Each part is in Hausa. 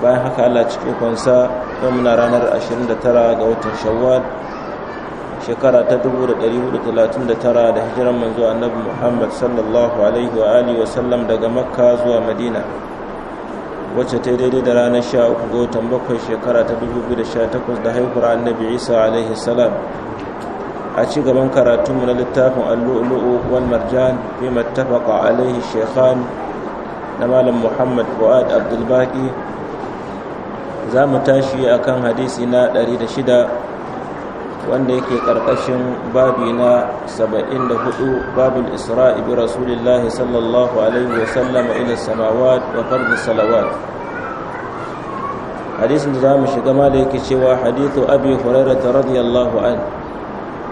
bayan haka Allah ciki kwansa don muna ranar 29 ga watan shawwal shekara ta 1439 da hijiran manzo annabi Muhammad sallallahu alaihi wa alihi wa sallam daga Makka zuwa Madina wacce ta daidai da ranar 13 ga watan bakwai shekara ta 2018 da haihuwar annabi Isa alaihi salam a ci gaban karatun mu na littafin allu'ulu'u wal marjan fi mattafaqa alaihi shekhan na malam Muhammad Fuad Abdulbaki za mu tashi a kan hadisi na 106 wanda yake ƙarƙashin babi na 74 babul isra'i bi rasulillahi sallallahu alaihi wa sallama ila samawat wa fardu salawat hadisin da za mu shiga ma da yake cewa hadithu abi ta radiyallahu an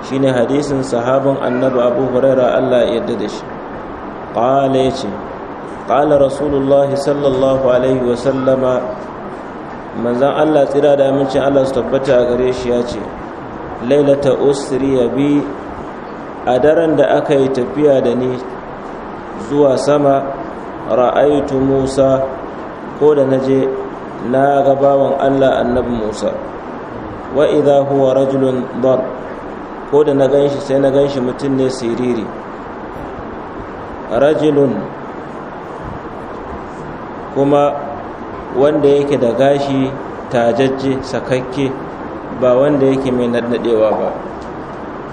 shine hadisin sahabin annabi abu huraira Allah ya yarda da shi qala yace qala rasulullahi sallallahu alaihi wa sallama manzan allah tsira da amincin allah su tabbata a gare shi ya ce lailata ya bi a daren da aka yi tafiya da ni zuwa sama ra'aitu musa ko da na je na ga bawan allah annabi musa wa idha huwa rajulun dar ko da na ganshi sai na ganshi mutum ne siriri rajulun kuma wanda yake da gashi tajajje sakakke ba wanda yake mai naddadewa ba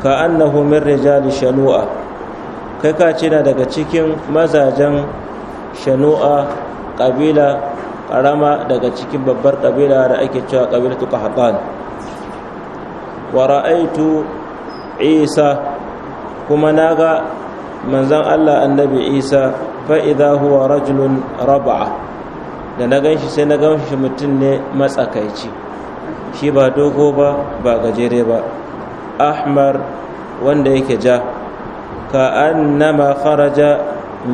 ka annahu min rijali shanu'a kai ka ce na daga cikin mazajen shanu'a kabila karama daga cikin babbar kabila da ake cewa kabilatu qahtan wa ra'aitu isa kuma naga manzon Allah annabi isa fa idza huwa rajulun rab'a da na ganshi sai na ganshi mutum ne matsakaici shi ba dogo ba ba gajere ba ahmar wanda yake ja ka nama kharaja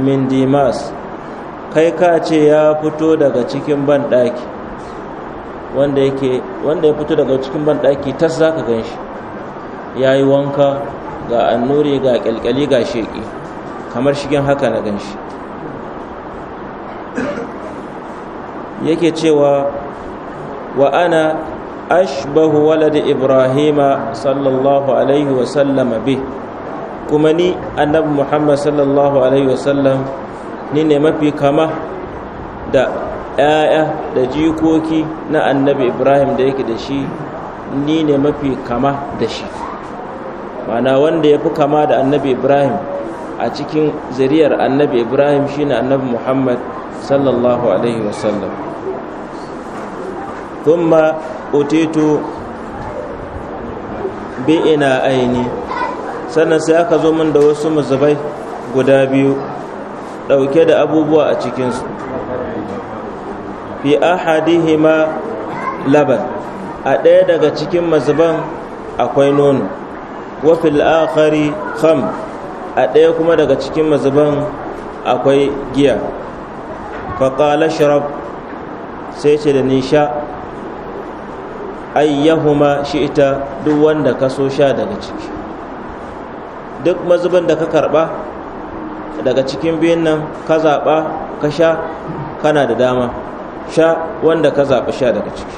min dimas kai ka ce ya fito daga cikin banɗaki wanda yake wanda ya fito daga cikin banɗaki tas za ka gan ya yi wanka ga annuri ga kyalkyali ga sheƙi kamar shigen haka na ganshi. yake cewa wa ana ashbahu walad ibrahima sallallahu alaihi wasallama bi kuma ni annabi muhammad sallallahu alaihi wasallam ni ne mafi kama da ‘ya'ya da jikoki na annabi ibrahim da yake da shi ni ne mafi kama da shi mana wanda ya fi kama da annabi ibrahim a cikin zuriyar annabi ibrahim shine annabi muhammad sallallahu alaihi wasallam thumma utitu bi ina aini sannan sai aka zo min da wasu mazubai guda biyu ɗauke da abubuwa a cikinsu fi ahadihima laban a ɗaya daga cikin mazuban akwai nono wa fil akhari kham a ɗaya kuma daga cikin mazuban akwai giya faƙala sharab sai ce da nisha ayyahuma ita duk wanda ka so sha daga ciki duk mazubin da ka karba daga cikin biyun nan ka zaɓa ka sha kana da dama sha wanda ka zaɓa sha daga ciki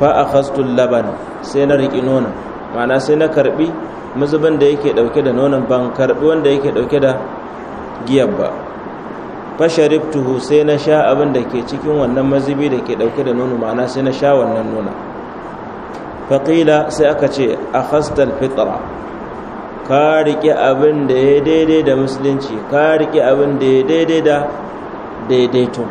fa akhastul laban sai na riƙi nonon ma'ana sai na karbi mazubin da yake ɗauke da nonon ban karbi wanda yake ɗauke da giyar ba fasharibtuhu sai na sha abin da ke cikin wannan mazibi da ke dauke da nono ma'ana sai na sha wannan nuna faƙila sai aka ce a hastal fitra ka riƙe abin da ya daidai da musulunci ka riƙe abin da ya daidai da daidaito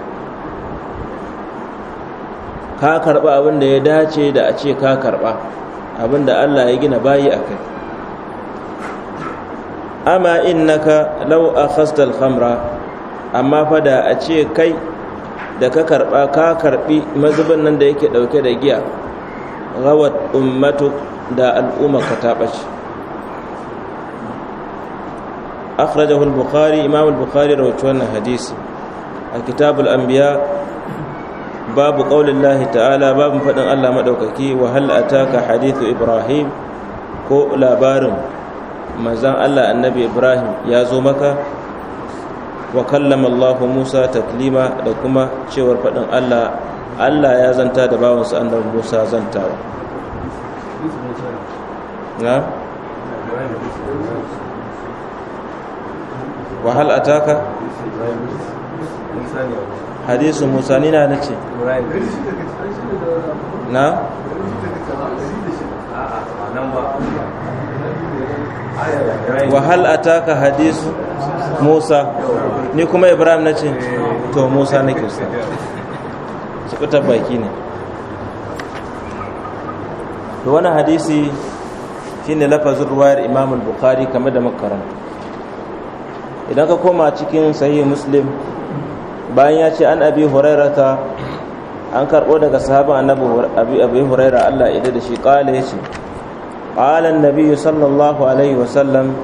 ka karɓa abin da ya dace da a ce ka karɓa abin da allah ya gina bayi a kai amma innaka lau a hastal hamra amma fada a ce kai da ka karba ka karɓi mazubin nan da yake dauke da giya rawat ummatu da al'umma ka taba shi akhrajahu al-bukhari imam al-bukhari wannan hadisi a kitabul anbiya babu qaulillahi ta'ala babu faɗin Allah madaukaki wa hal ataka hadithu ibrahim ko labarin manzon Allah annabi ibrahim ya zo maka wa kallama Allahu Musa taklima da kuma cewar faɗin Allah Allah ya zanta da bawansa annabi Musa zantawa na wa hal ataka hadisu Musa ni na nace na wa hal ataka hadisu musa ni kuma ibrahim na ce to musa na kirsa su fitar baki ne da wani hadisi shine lafazin ruwayar imamun bukari kamar da makaran idan ka koma cikin sahihin muslim bayan ya ce an abi hurairata an karɓo daga sahaban annabi abi abi huraira Allah ya da shi kala ce. qala an-nabi sallallahu alaihi wasallam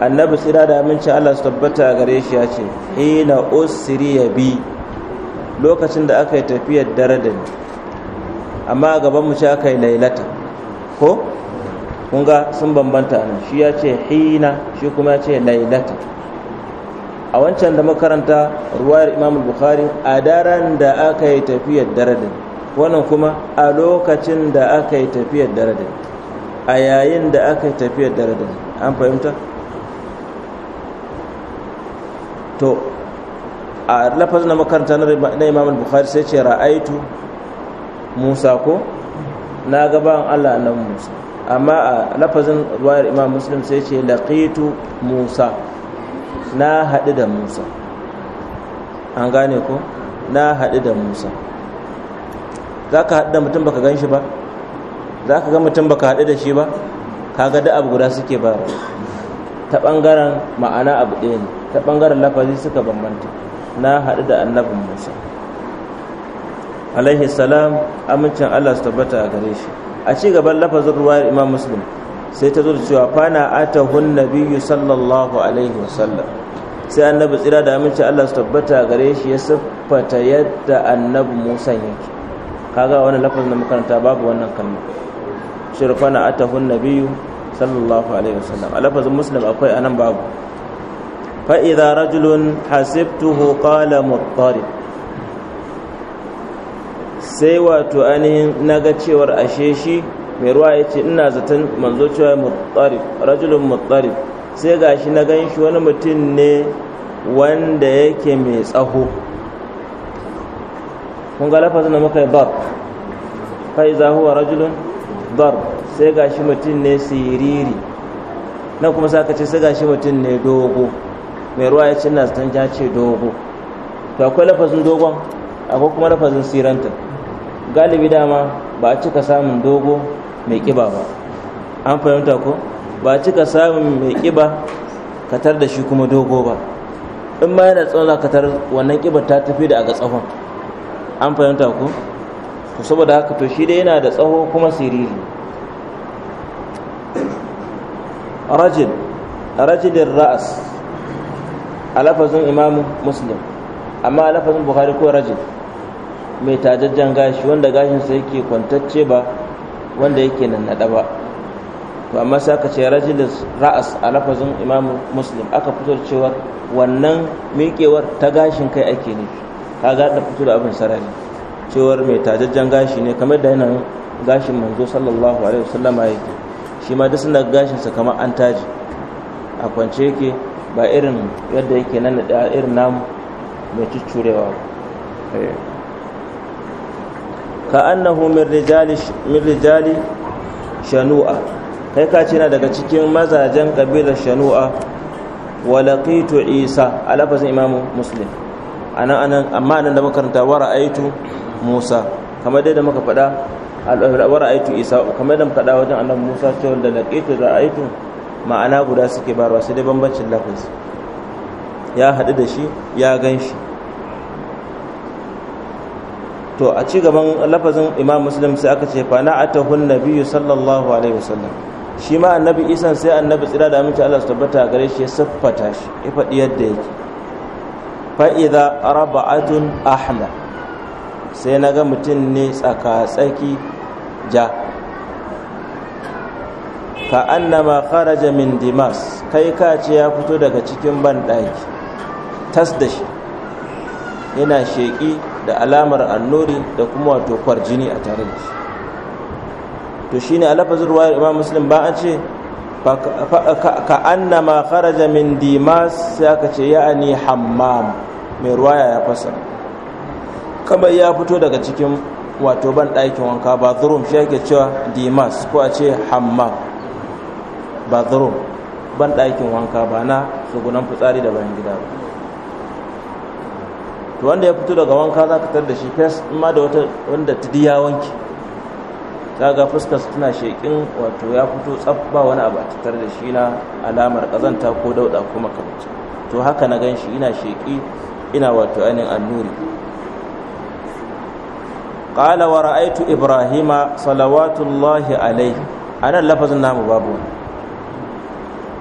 annabi tsira da amincin Allah su tabbata gare shi ya ce hina ya bi lokacin da aka yi tafiyar dare da ni amma a gaban mu ce aka yi lailata ko kun ga sun bambanta nan shi ya ce hina shi kuma ya ce lailata a wancan da makaranta ruwayar imam bukhari a daren da aka yi tafiyar dare da wannan kuma a lokacin da aka yi tafiyar dare da ni, a yayin da aka yi tafiyar dare da ni an fahimta to a lafazin na makaranta na imam bukhari sai ce ra'aitu musa ko na gaban allah nan musa amma a lafazin ruwayar imam muslim sai ce laqitu musa na haɗu da musa an gane ko na haɗu da musa za ka haɗu da mutum baka gan shi ba za ka ga mutum baka haɗu da shi ba ka ga da abu guda suke ba ta ɓangaren ma'ana abu ɗaya ne ta bangaren lafazi suka bambanta na haɗu da annabin musa alaihi salam amincin allah su tabbata a gare shi a ci gaban lafazin ruwayar imam muslim sai ta zo da cewa fana atahun nabiyyu sallallahu alaihi wasallam sai annabi tsira da amincin allah su tabbata a gare shi ya siffata yadda annabi musa yake kaga wannan lafazin da makaranta babu wannan kalma shirfana atahun nabiyyu sallallahu alaihi wasallam a lafazin muslim akwai anan babu فإذا رجل حسبته قال مضطرب sai wato ainihin na ga cewar ashe shi mai ruwa ya ce ina zaton manzo cewa mutarif rajulun mutarif sai gashi na gan shi wani mutum ne wanda yake mai tsaho kun ga lafazin da muka yi bar fai za huwa rajulun bar sai gashi mutum ne siriri na kuma sa ka ce sai gashi mutum ne dogo mai ruwa ya ce ina tanja ce dogo to akwai lafazin dogon akwai kuma lafazin siranta galibi dama ba a cika samun dogo mai kiba ba an fahimta ko ba a cika samun mai kiba katar da shi kuma dogo ba in ma yana tsawon katar wannan kibar ta tafi da ga tsawon an fahimta ko to saboda haka to shi dai yana da tsawo kuma siriri rajin rajidin ra'as a lafazin imam muslim amma a lafazin buhari ko rajin mai tajajjen gashi wanda gashinsa yake kwantacce ba wanda yake nan naɗa ba to amma sai aka ce rajilis ra'as a lafazin imam muslim aka fito da cewar wannan miƙewar ta gashin kai ake ka kaga da fito da abin sarari cewar mai tajajjen gashi ne kamar da yanayin gashin manzo sallallahu alaihi wasallama yake shi ma duk suna gashinsa kamar an taji a kwance yake ba irin yadda yake nan da irin namu mai cucurewa eh. ka annahu min rijali min rijali shanu'a kai ka ce na daga cikin mazajen kabilar shanu'a wa laqitu isa a lafazin imamu muslim anan anan amma nan da makaranta wa ra'aitu musa kamar dai da muka faɗa wa ra'aitu isa kamar da muka faɗa wajen annabi musa cewa da laqitu ra'aitu ma'ana guda suke barwa sai dai bambancin lafazi ya haɗu da shi ya gan shi to a ci gaban lafazin imam muslim sai aka ce fana atahun nabiyu sallallahu alaihi wasallam shi ma annabi isan sai annabi tsira da aminci allah su tabbata gare shi ya siffata shi ya faɗi yadda yake fa'iza raba'atun ahmar sai na ga mutum ne tsaka-tsaki ja ka annama kharaja min dimas kai ka ce ya fito daga cikin banɗaki tas da shi yana sheƙi da alamar annuri da kuma wato kwarjini a tare da shi to shine a lafazin ruwayar imam muslim ba an ce ka annama kharaja min dimas sai aka ce ya'ani hammam mai ruwaya ya fasa kamar ya fito daga cikin wato ban ɗakin wanka ba zurum shi ake cewa dimas ko a ce hammam bathroom ban ɗakin wanka ba na tsugunan fitsari da bayan gida ba to wanda ya fito daga wanka za ka tar da shi fes in ma da wata wanda tudi ya wanke ta ga fuskar tana sheƙin wato ya fito tsaf ba wani abu a tattar da shi na alamar ƙazanta ko dauɗa kuma makamanci to haka na gan shi ina sheƙi ina wato ainihin annuri qala wa ra'aitu ibrahima salawatullahi alaihi anan lafazin namu babu wani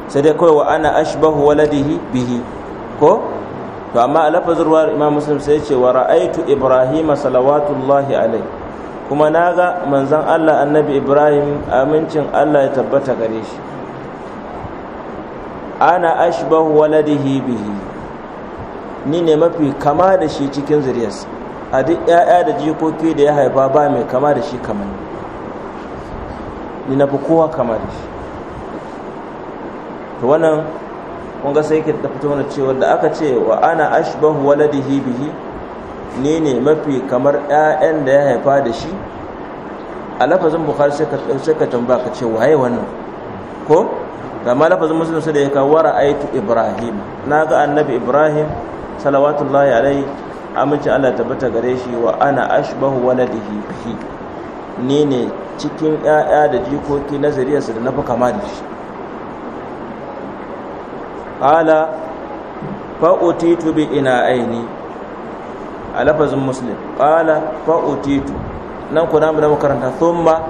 sai dai kawai wa ana ashbahu waladihi bihi ko to amma a lafazin ruwa imam muslim sai ce wa ra'aitu ibrahima salawatullahi alai kuma na ga manzan allah annabi ibrahim amincin allah ya tabbata gare shi ana ashbahu waladihi bihi ni ne mafi kama da shi cikin zuriyarsa a duk 'ya'ya da jikoki da ya haifa ba mai kama da shi kamar ni na fi kowa kama da shi to wannan kun ga sai ke ta fito mana cewa da aka ce wa ana ashbahu waladihi bihi ni ne mafi kamar ƴaƴan da ya haifa da shi a lafazin bukhari sai ka sai ka tambaya ka ce waye wannan ko ga ma lafazin muslim sai da ya kawo ra'aytu ibrahim na ga annabi ibrahim salawatullahi alaihi amince Allah tabbata gare shi wa ana ashbahu waladihi bihi ni ne cikin ƴaƴa da jikoki na zariyarsa da na fi kama da shi Ƙala fa bi ina aini a lafazin musulun Ƙala fa utitu nan ku namu da makaranta thumma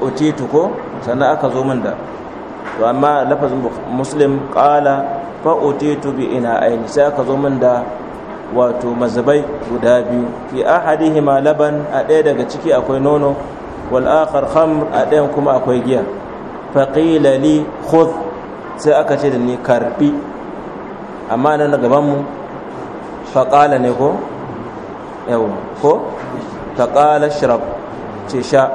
utitu ko sannan aka zo min da to amma lafazin muslim qala fa utitu bi aini sai aka zo min da wato mazabai guda biyu fi ma laban a ɗaya daga ciki akwai nono walakar kham a ɗayan kuma akwai giya faqila li khudh sai aka ce da ni karbi amma nan da gabanmu faƙala ne ko yawon ko faƙala shirab ce sha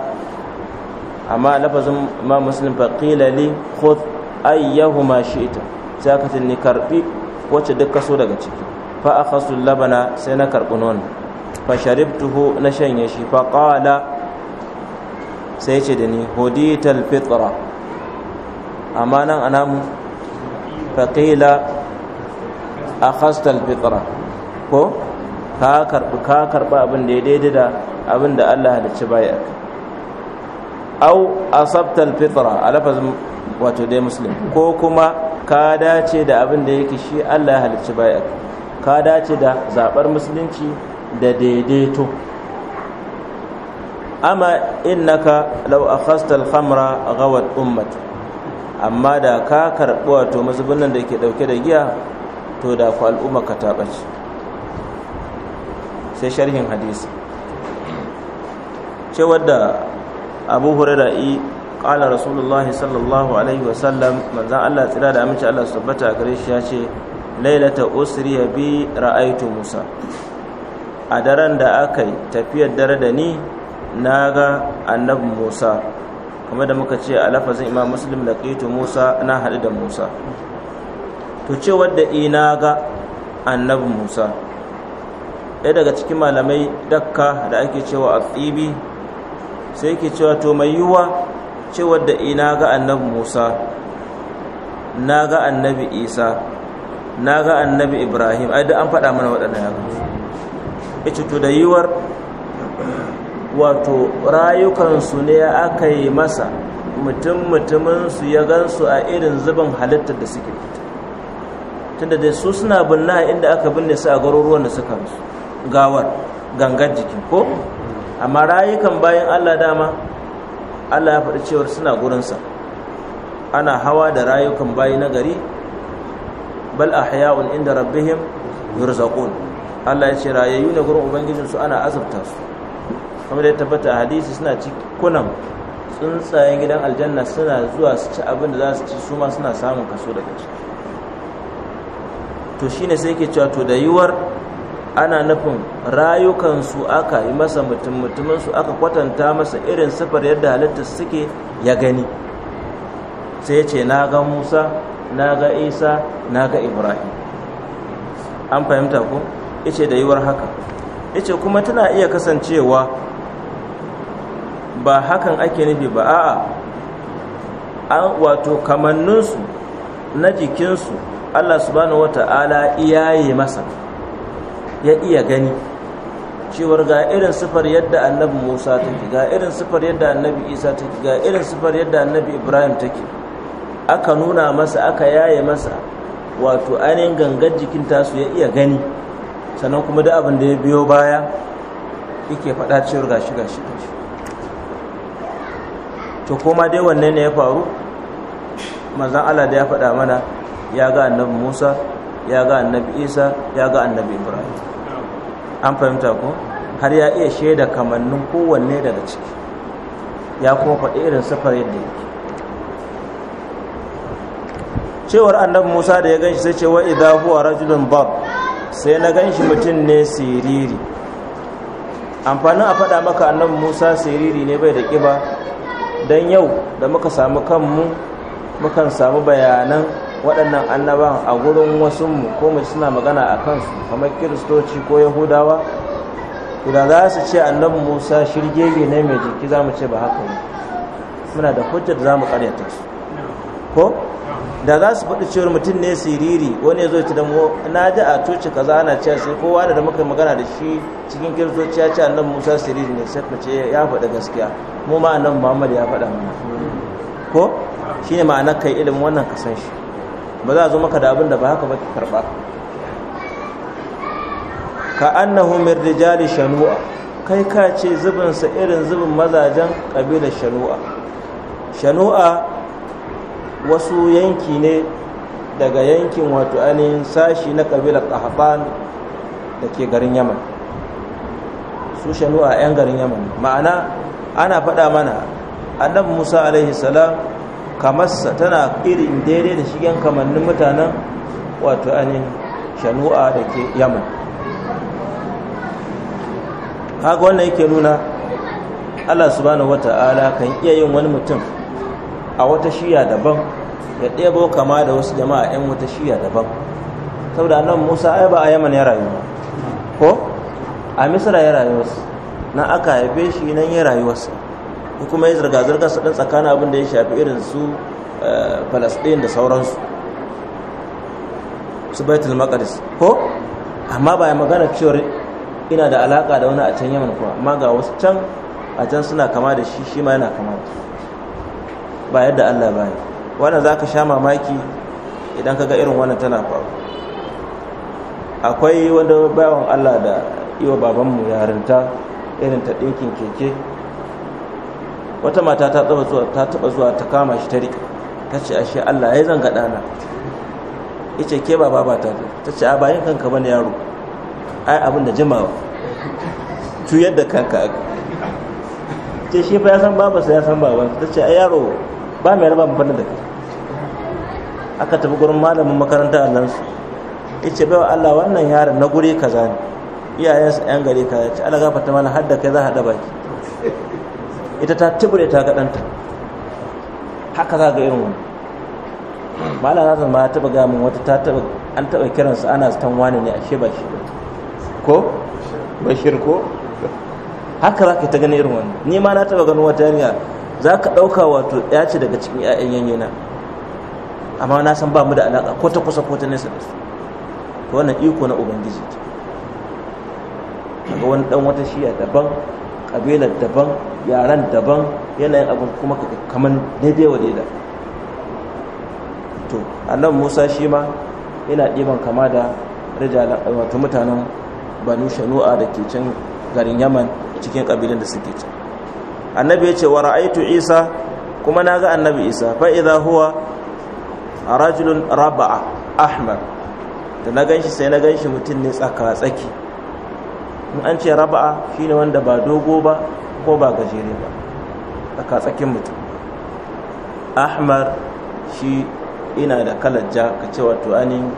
amma lafazin ma musulun faƙila li khud ayyahu ma shi'ita sai aka ce ni karbi wacce duk kaso daga ciki fa akhasu labana sai na karɓi nono fa sharibtuhu na shanye shi fa ƙala sai ce da ni hudital fitra amma nan anamu faƙila a khastal fitra ko ka karɓi abin da ya daidai da abin da allah halicci baya au asabtal fitra a lafazin wato dai muslim ko kuma ka dace da abin da yake shi allah ya halicci baya ka dace da zaɓar musulunci da daidaito amma innaka law akhasta al-khamra ghawat ummatu amma da ka karɓi wato mazubin nan da ke ɗauke da giya to da ku al'umma ka taɓaci sai sharhin hadisi ce da abu hurara yi ƙala rasulullah sallallahu alaihi wasallam manzan allah tsira da aminci allah su bata gare shi ya ce lailata ya bi ra'aitu musa a daren da aka yi tafiyar dare da ni na ga annabi musa kamar da muka ce a lafazin imam muslim laqitu musa na haɗu da musa to cewar da ina ga annabi musa ɗaya daga cikin malamai dakka da ake cewa a tsibi sai ke cewa to mai yiwuwa cewar da ina ga annabi musa na ga annabi isa na ga annabi ibrahim ai da an faɗa mana waɗannan ya ce to da yiwuwar wato rayukansu ne aka yi masa mutum mutuminsu ya gansu a irin zubin halittar da suke fita tunda dai su suna binna inda aka binne su a garuruwan da suka musu gawar gangar jiki ko amma rayukan bayan allah dama allah ya faɗi cewar suna gurinsa ana hawa da rayukan bayi na gari bal ahya'un inda rabbihim yurzaqun allah ya ce rayayyu na gurin ubangijinsu ana azabta su Kuma da ya tabbata hadisi suna cikunan tsuntsayen gidan aljanna suna zuwa su ci abin da za su ci su ma suna samun kaso daga ciki to shine sai ke cewa to da yiwuwar ana nufin rayukansu aka yi masa mutum mutuminsu aka kwatanta masa irin safar yadda halitta suke ya gani sai ce na ga musa na ga isa na ga ibrahim an fahimta ko ice da yiwuwar haka ice kuma tana iya kasancewa ba hakan ake nufi ba a'a wato kamanninsu na jikinsu Allah subhanahu wata'ala yi masa ya iya gani cewar ga irin sifar yadda annabi Musa take ga irin sifar yadda annabi Isa take ga irin sifar yadda annabi Ibrahim take aka nuna masa aka yaye masa wato ainihin gangar jikin tasu ya iya gani sannan kuma da abin da ya biyo baya yake faɗa cewar gashi gashi gashi to koma dai wanne ne ya faru manzan Allah da ya faɗa mana ya ga annabi Musa ya ga annabi Isa ya ga annabi Ibrahim an fahimta ko har ya iya shaida kamannin kowanne daga ciki ya kuma faɗi irin safar yadda yake cewar annabi Musa da ya ganshi sai ce wa idza huwa rajulun bab sai na ganshi mutum ne siriri amfanin a faɗa maka annabi Musa siriri ne bai da ƙiba don yau da muka samu kanmu mukan samu bayanan waɗannan annaban a gurin wasu mu ko mu suna magana a kansu kamar kiristoci ko yahudawa da za su ce annabi musa shirgege ne mai jiki za mu ce ba haka ba, muna da hujjar za mu karyata su ko da za su faɗi cewar mutum ne siriri wani ya zo ci da mu na ji a coci kaza ana cewa sai kowa da muka magana da shi cikin kiristoci ya ce nan musa siriri ne sai ka ce ya faɗi gaskiya mu ma annan muhammad ya faɗa mana ko shi ne ma'anar kai ilimin wannan ka san shi ba za a zo maka da abin da ba haka ba ki karɓa ka annahu min rijali shanu'a kai ka ce zubinsa irin zubin mazajen ƙabilar shanu'a shanu'a wasu yanki ne daga yankin wato ainihin sashi na kabilar kahafan da ke garin yaman su shanu'a 'yan garin yaman ma'ana ana faɗa mana annabi musa alaihi salam kamarsa tana irin daidai da shigen kamannin mutanen wato ainihin shanu'a da ke yaman haka wannan yake nuna allah subhanahu ta'ala kan iya yin wani mutum a wata shiya daban ya ɗebo kama da wasu jama'a 'yan wata shiya daban saboda nan musa ai ba a yaman ya rayu ko a misra ya rayu wasu, na aka haife shi nan ya wasu ko kuma ya zirga-zirga su ɗin tsakanin abin da ya shafi irin su falasɗin eh, da sauransu su baitul maqdis ko amma ba ya magana cewar ina da alaka da wani a can yaman kuma amma ga wasu can a can suna kama da shi shi ma yana kama da ba yadda Allah ba wannan za ka sha mamaki idan ka ga irin wannan tana faru akwai wanda bayan Allah da wa babanmu yarinta irin ta ɗinkin keke wata mata ta taɓa zuwa ta taɓa zuwa ta kama shi ta ta ce a shi Allah ya zanga ɗana ita ke ba ba ta ta ce a bayan kanka bane yaro ai abin da jimawa tu yadda kanka ake ce shi fa ya san babansa ya san babansa ta ce a yaro ba mai raba bane da kai aka tafi gurin malamin makaranta nan su ya ce baiwa Allah wannan yaron na guri kaza ne iyayensa yan gari kaza ya ce Allah gafarta mana har da kai za a haɗa baki ita ta tibure ta ga ɗanta haka za ga irin wani malam na zama ta taba gamin wata ta taba an taba kiransa ana stan wani ne a ba shi ko bashir ko haka za ka ta gani irin wani ni ma na taba ganin wata yarinya za ka ɗauka wato ya ce daga cikin 'ya'yan yanyana amma na san ba mu da alaƙa ko ta kusa ko ta nesa da su wannan iko na ubangiji daga wani ɗan wata shiya daban ƙabilar daban yaran daban yanayin abin kuma kamar daidai wa daida to annan musa shi ma yana ɗiban kama da rijalan wato mutanen banu shanu'a da ke can garin yaman cikin ƙabilun da suke can annabi ya ce wa ra'aitu isa kuma na ga annabi isa fa idza huwa rajulun raba'a ahmar da na ganshi sai na ganshi mutum ne tsaka tsaki in an ce raba'a shine wanda ba dogo ba ko ba gajere ba tsaka tsakin mutum ahmar shi ina da kalar ja ka ce wato anin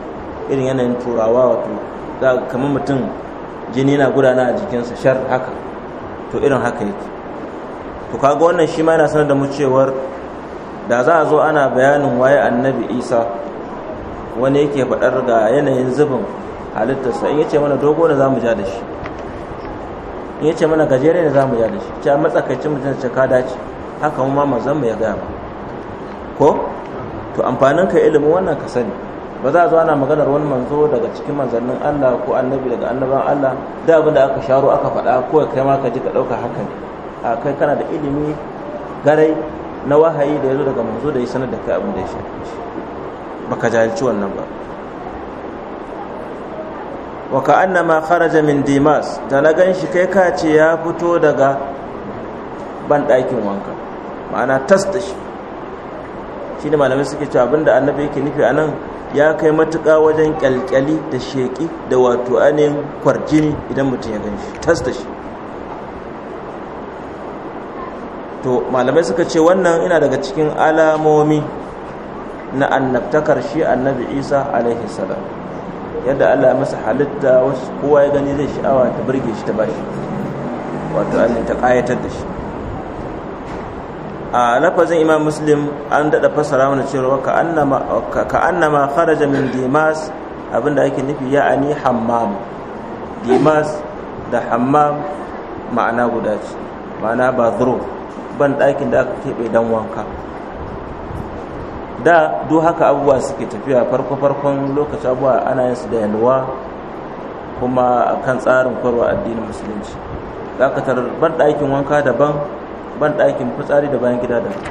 irin yanayin turawa wato za kamar mutum jini na gudana a jikinsa shar haka to irin haka yake to kaga wannan shi ma yana sanar da mu cewar da za a zo ana bayanin waye annabi isa wani yake faɗar ga yanayin zubin halittarsa in yace mana dogo ne za mu ja da shi in yace mana gajere ne za mu ja da shi ta matsakaicin mutum da ka dace haka mu ma manzon mu ya gaya ba, ko to amfanin ka ilimin wannan ka sani ba za a zo ana maganar wani manzo daga cikin manzannin Allah ko annabi daga annaban Allah da abin da aka sharo aka faɗa ko kai ma ka ji ka ɗauka haka ne a kai kana da ilimi garai na wahayi da ya zo daga manzo da ya sanar da kai abin da ya shafi baka jahilci wannan ba wa annama kharaja min dimas da na ganshi shi kai ka ce ya fito daga ban ɗakin wanka ma'ana tas da shi shi ne malamai suke cewa abinda annabi yake nufi anan ya kai matuƙa wajen kyalkyali da sheki da wato anin kwarjini idan mutum ya gan shi tas to malamai suka ce wannan ina daga cikin alamomi na annabtakar shi annabi isa alaihi salam yadda allah ya masa halitta wasu kowa ya gani zai sha'awa ta birge shi ta bashi wato an ta kayatar da shi a lafazin imam muslim an daɗa fassara mana cewa ka annama kharaja min dimas abinda ake nufi ya ani hammam dimas da hammam ma'ana guda ce ma'ana bathroom ban ɗakin da aka keɓe dan wanka da duk haka abubuwa suke tafiya farko-farkon lokacin abubuwa ana yin su da yalwa kuma kan tsarin kwarwa addinin musulunci za ka tarar ban ɗakin wanka daban ban ɗakin fitsari da bayan gida daban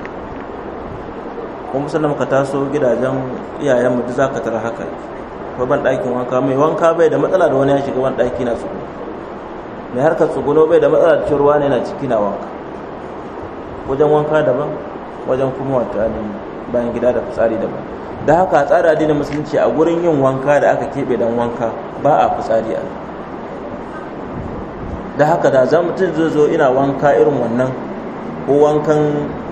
kuma sannan ka taso gidajen iyayen mu za ka tara haka ko ban ɗakin wanka mai wanka bai da matsala da wani ya shiga ban ɗaki na tsugu mai harkar tsuguno bai da matsala da cewa ne na ciki na wanka wajen wanka daban wajen kuma wata bayan gida da fitsari daban da haka a tsara addinin musulunci a gurin yin wanka da aka keɓe don wanka ba a fitsari a da haka da za mutum zai zo ina wanka irin wannan ko wankan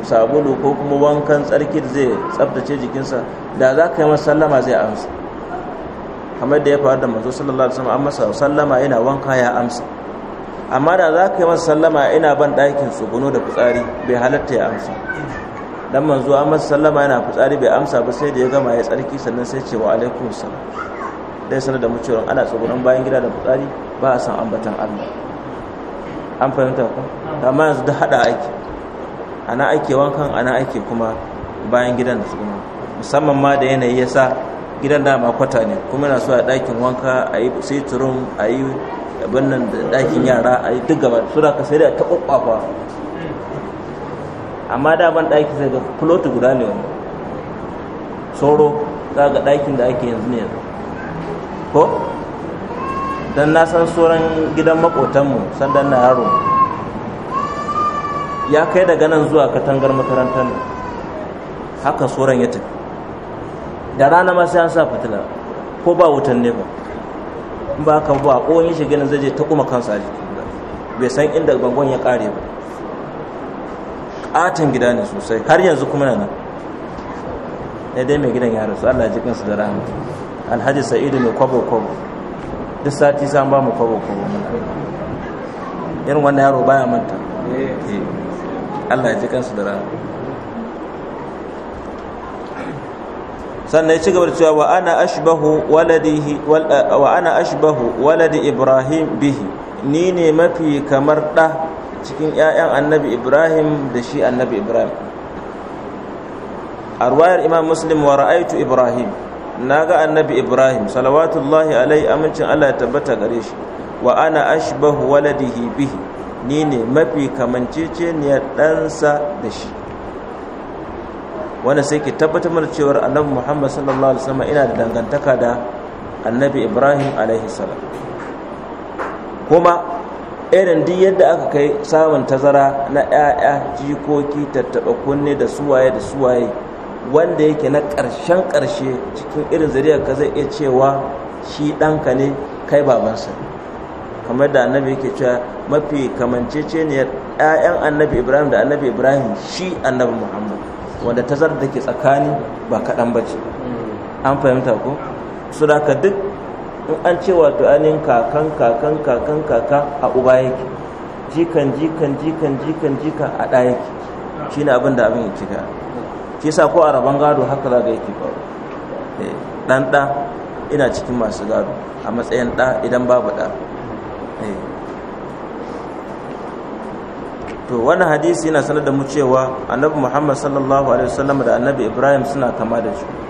sabulu ko kuma wankan tsarki zai tsabtace jikinsa da za ka yi masa sallama zai amsa kamar da ya faru da mazo sallallahu alaihi wasallam an masa sallama yana wanka ya amsa amma da za ka yi masa sallama ina ban ɗakin tsuguno da fitsari bai halatta ya amsa dan manzo an masa sallama yana fitsari bai amsa ba sai da ya gama ya tsarki sannan sai ce wa alaikum salam dai sanar da mu cewa ana tsugunan bayan gida da fitsari ba a san ambatan Allah an fahimta ku amma yanzu da hada ake ana ake wankan ana ake kuma bayan gidan da tsuguno musamman ma da yanayi yasa gidan da ma kwata ne kuma yana so a ɗakin wanka a yi sitirun a yi abin nan da ɗakin yara a yi duk gaba su da ka sai da ta ƙwaƙwafa amma da ban ɗaki sai ga kuloti guda ne wani sauro za ga ɗakin da ake yanzu ne ko don na san sauran gidan maƙotanmu sandan na yaro ya kai daga nan zuwa katangar makarantar haka sauran ya tafi da rana ma sai an sa fitila ko ba wutan ne ba ba ka ba ko yin shi ganin zai je ta kuma kansa a jiki bai san inda bangon ya kare ba katin gida ne sosai har yanzu kuma nan ne dai mai gidan ya rasu Allah ya ji kansu da rahama alhaji sa'idu mai kwabo kwabo duk sati san ba mu kwabo kwabo irin wannan yaro baya manta eh. Eh. Allah ya ji kansu da rahama sannan ya ci gaba da cewa wa ana ashbahu waladihi eh, wa ana ashbahu waladi ibrahim bihi ni ne mafi kamar ɗa cikin 'ya'yan annabi ibrahim da shi annabi ibrahim Arwayar imam muslim wa ra'aytu ibrahim na ga annabi ibrahim salawatullahi alaihi amincin allah ya tabbata gare shi wa ana ashbahu waladihi bihi ni ne mafi ce ne ɗansa da shi wanda sai ke tabbatar mana cewar annabi muhammad sallallahu alaihi wasallam ina da dangantaka da annabi ibrahim alaihi salam kuma irin duk yadda aka kai samun tazara na 'ya'ya jikoki tattaɓa kunne da suwaye da suwaye wanda yake na ƙarshen ƙarshe cikin irin zuriyar ka zai iya cewa shi ɗanka ne kai babansa kamar da annabi yake cewa mafi kamanceceniyar 'ya'yan annabi ibrahim da annabi ibrahim shi annabi muhammad wanda tazar da ke tsakani ba kaɗan ba ce an fahimta ko su da duk in an ce wato du'anin kakan kakan kakan kaka a uba yake jikan jikan jikan jikan jika a ɗa yake shi ne abin da abin yake ga shi sa ko a rabon gado haka za ga yake faru eh, ɗan ɗa ina cikin masu gado a matsayin ɗa idan babu ɗa to wani hadisi yana sanar da mu cewa annabi muhammad sallallahu alaihi wasallam da annabi ibrahim suna kama da juna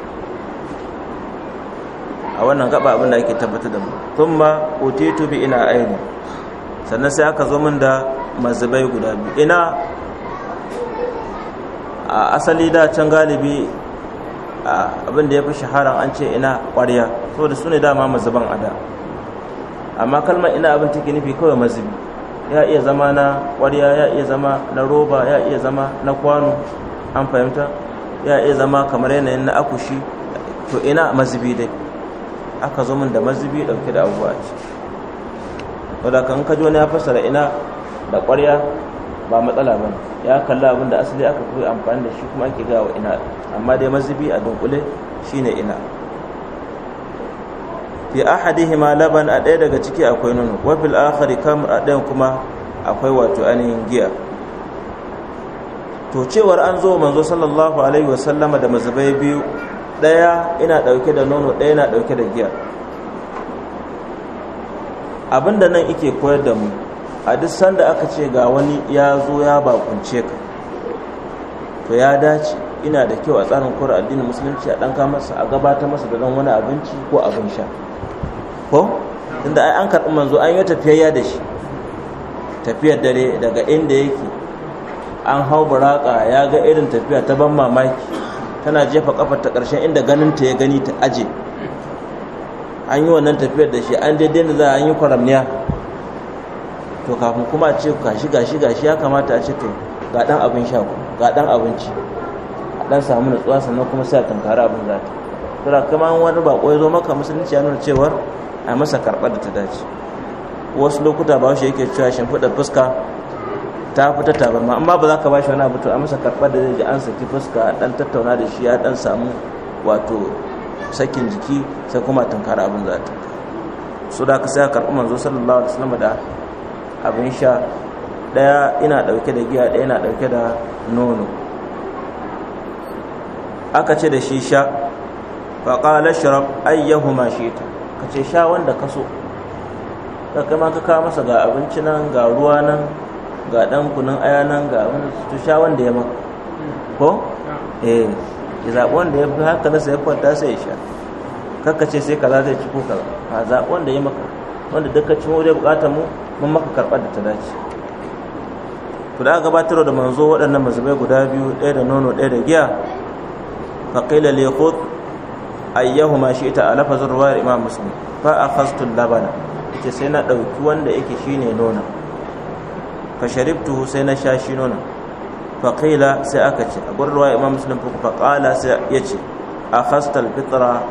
a wannan gaba abin da ake tabbatar da mu ma utitu bi ina aini sannan sai aka zo min da mazubai guda biyu ina a asali da can galibi abin da ya fi shaharan an ce ina ƙwarya saboda su ne dama mazuban ada amma kalmar ina abin take nufi kawai mazubi ya iya zama na ƙwarya ya iya zama na roba ya iya zama na kwano an fahimta ya iya zama kamar yanayin na akushi to ina mazubi dai aka zo min da mazubi ɗauke da abubuwa ce wadda kan kaji wani ya fassara ina da ƙwarya ba matsala ba ya kalla abin da asali aka fi amfani da shi kuma ake gawa ina amma dai mazubi a dunkule shi ne ina fi ahadihima laban a ɗaya daga ciki akwai nono wa fil akhari kamar a ɗayan kuma akwai wato ainihin giya to cewar an zo manzo sallallahu alaihi wa sallama da mazubai biyu ɗaya ina ɗauke da nono ɗaya na ɗauke da giya abinda nan ike koyar da mu a duk sanda aka ce ga wani ya zo ya bakunce ka to ya dace ina da kyau a tsarin kwar addinin musulunci a ɗan kamarsa a gabata masa da ɗan wani abinci ko abin sha ko tunda ai an karɓi manzo an yi tafiyayya da shi tafiyar dare daga inda yake an hau buraka ya ga irin tafiya ta ban mamaki tana jefa kafar ta ƙarshen inda ganin ta ya gani ta aje an yi wannan tafiyar da shi an daidai da za a yi kwaramniya to kafin kuma a ce shiga shiga shi ya kamata a ce to ga ɗan abin sha ga ɗan abinci dan samu nutsuwa sannan kuma sai a tunkara abin za ta tura kuma wani bako ya zo maka musulunci ya nuna cewa a masa karɓar da ta dace wasu lokuta ba shi yake cewa shimfiɗa fuska ta fita tabarma amma ba za ka ba shi wani abu to a masa karɓar da zai ji an saki fuska dan ɗan tattauna da shi ya ɗan samu wato sakin jiki sai kuma tunkara abin za ta so da ka sai a karɓi manzo sallallahu alaihi wasallam da abin sha daya ina ɗauke da giya daya ina dauke da nono aka ce da shi sha faƙala ayyahu ma shi ta ka ce sha wanda ka so da kama ka kawo masa ga abinci nan ga ruwa nan ga ɗan kunan aya nan ga su sha wanda ya maka ko eh ya zaɓi wanda ya fi haka nasa ya kwanta sai ya sha kaka ce sai kaza zai ci ko kaza a zaɓi wanda ya maka wanda duka cin wuri buƙata mu mun maka karɓar da ta dace ku da gabatarwa da manzo waɗannan mazubai guda biyu ɗaya da nono ɗaya da giya faƙila li khud ayyahuma shi'ta a lafazin ruwayar imam muslim fa akhadtu labana yace sai na ɗauki wanda yake shine nuna fa sharibtuhu sai na sha shi nuna faƙila sai aka ce a gurin ruwayar imam muslim faƙala sai a akhadta alfitra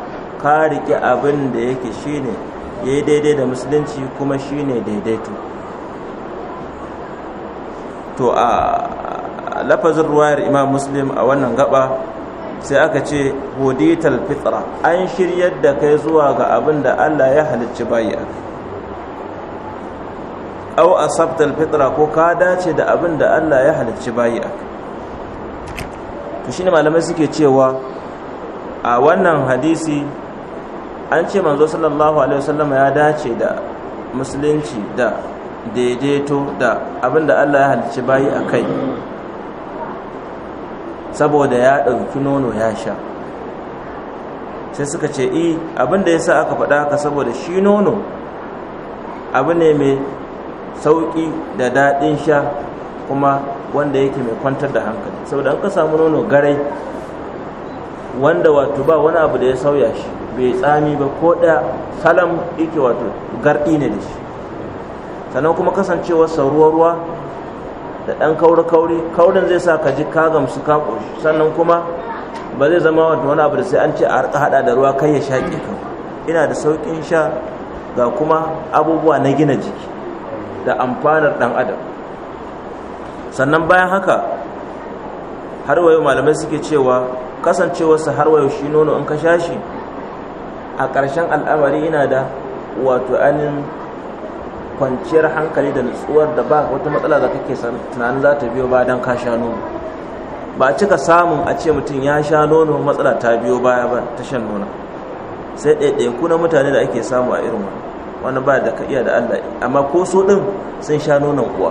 ka riƙe abin da yake ya yi daidai da musulunci kuma shi ne daidaito to a lafazin ruwayar imam muslim a wannan gaba sai aka ce hudital fitra an shiryar da kai zuwa ga abin da Allah ya halicci bayi a kai au asabtal fitra ko ka dace da abin da Allah ya halicci bayi a kai to shine malamai suke cewa a wannan hadisi an ce manzo sallallahu alaihi wasallam ya dace da musulunci da daidaito da abin da Allah ya halicci bayi a kai saboda ya ɗauki nono ya sha sai suka ce i e, abinda ya sa aka faɗa haka saboda shi nono abu ne mai sauƙi da daɗin sha kuma wanda yake mai kwantar da hankali saboda an ka samu nono garai wanda wato ba wani abu da ya sauya shi bai tsami ba ko ɗaya salam yake wato garɗi ne da shi sannan kuma kasancewarsa ruwa-ruwa da ɗan kauri-kauri kaurin zai sa ka ji ka gamsu ka sannan kuma ba zai zama wata wani abu da sai an ce a harka haɗa da ruwa kai ya shaƙe ka ina da sauƙin sha ga kuma abubuwa na gina jiki da amfanar ɗan adam sannan bayan haka har wayo malamai suke cewa kasancewarsa har wayo shi nono in ka sha shi a ƙarshen al'amari ina da wato anin kwanciyar hankali da nutsuwar da ba wata matsala da kake tunanin za ta biyo ba don ka sha nono ba cika samun a ce mutum ya sha nono matsala ta biyo baya ba ta shan nona sai ɗaiɗaiku na mutane da ake samu a irin wani wani ba da ka iya da Allah amma ko so ɗin sun sha nonon uwa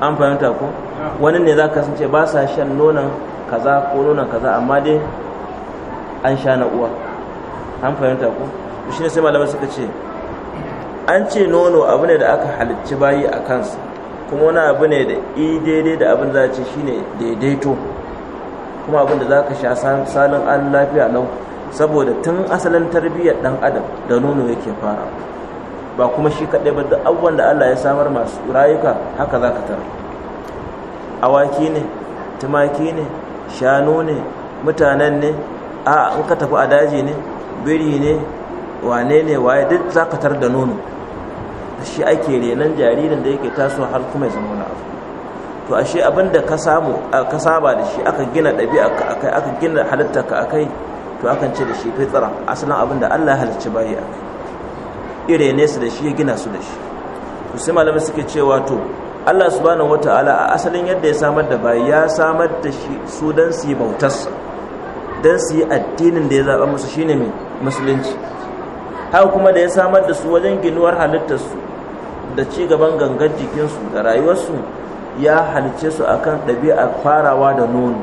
an fahimta ko wani ne za ka sun ce ba sa shan nonon kaza ko nonon kaza amma dai an sha na uwa an fahimta ko shi ne sai malamai suka ce an ce nono abu ne da aka halicci bayi a kansa kuma wani abu ne da i daidai da abin da za ce ne daidaito kuma abin da za ka sha salin an lafiya lau saboda tun asalin tarbiyyar dan adam da nono yake fara ba kuma shi kaɗai ba da abubuwan da allah ya samar masu rayuka haka za ka tara awaki ne tumaki ne shanu ne mutanen ne a in ka tafi a daji ne biri ne wane ne waye duk za ka tar da nono shi ake renon jaririn da yake taso har kuma zama wani abu to ashe abin da ka samu ka saba da shi aka gina ɗabi'a ka akai aka gina halitta ka akai to akan ce da shi fitsara asalin abin da Allah halicci bayi ya ire ne su da shi ya gina su da shi to sai malama suke cewa to Allah subhanahu wataala a asalin yadda ya samar da bai ya samar da shi su dan su yi bautarsa dan su yi addinin da ya zaba musu shine mai musulunci haka kuma da ya samar da su wajen ginuwar halittarsu da ci gaban gangan jikinsu da rayuwarsu ya halice su akan ɗabi'ar farawa da nono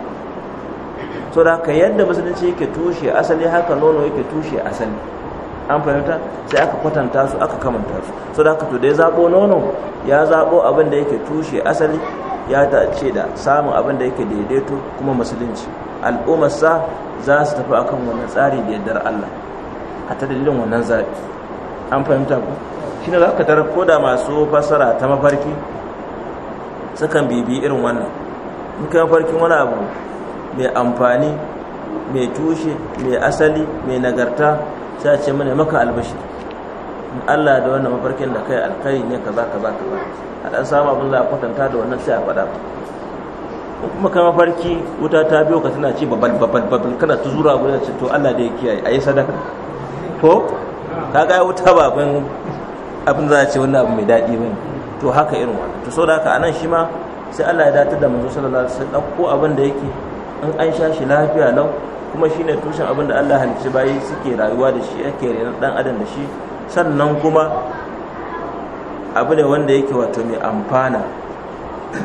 so da ka yadda musulunci yake tushe asali haka nono yake tushe asali an fahimta sai aka kwatanta su aka kamanta su so da ka to dai zaɓo nono ya zaɓo abin da yake tushe asali ya dace da samun abin da yake daidaito kuma musulunci al'ummarsa za su tafi akan wannan tsari da yaddar Allah a ta dalilin wannan zaɓi an fahimta ku shine za ka tarar koda masu fasara ta mafarki sukan bibi irin wannan in ka mafarkin wani abu mai amfani mai tushe mai asali mai nagarta sai ce mana maka albashi in Allah da wannan mafarkin da kai alkhairi ne kaza kaza kaza a dan samu abin za a kwatanta da wannan sai a faɗa kuma ka mafarki wuta ta biyo ka tana ci babal babal babal kana ta zura guda ce to Allah da ya kiyaye ayi sadaka Ko kaga wuta babin abin za a ce wannan abu mai daɗi bane to haka irin wannan to saboda haka anan shi ma sai Allah ya datar da manzo sallallahu alaihi wasallam ko abin da yake in an sha shi lafiya lau kuma shine tushen abin da Allah halice bayi suke rayuwa da shi yake renon dan adam da shi sannan kuma abu ne wanda yake wato mai amfana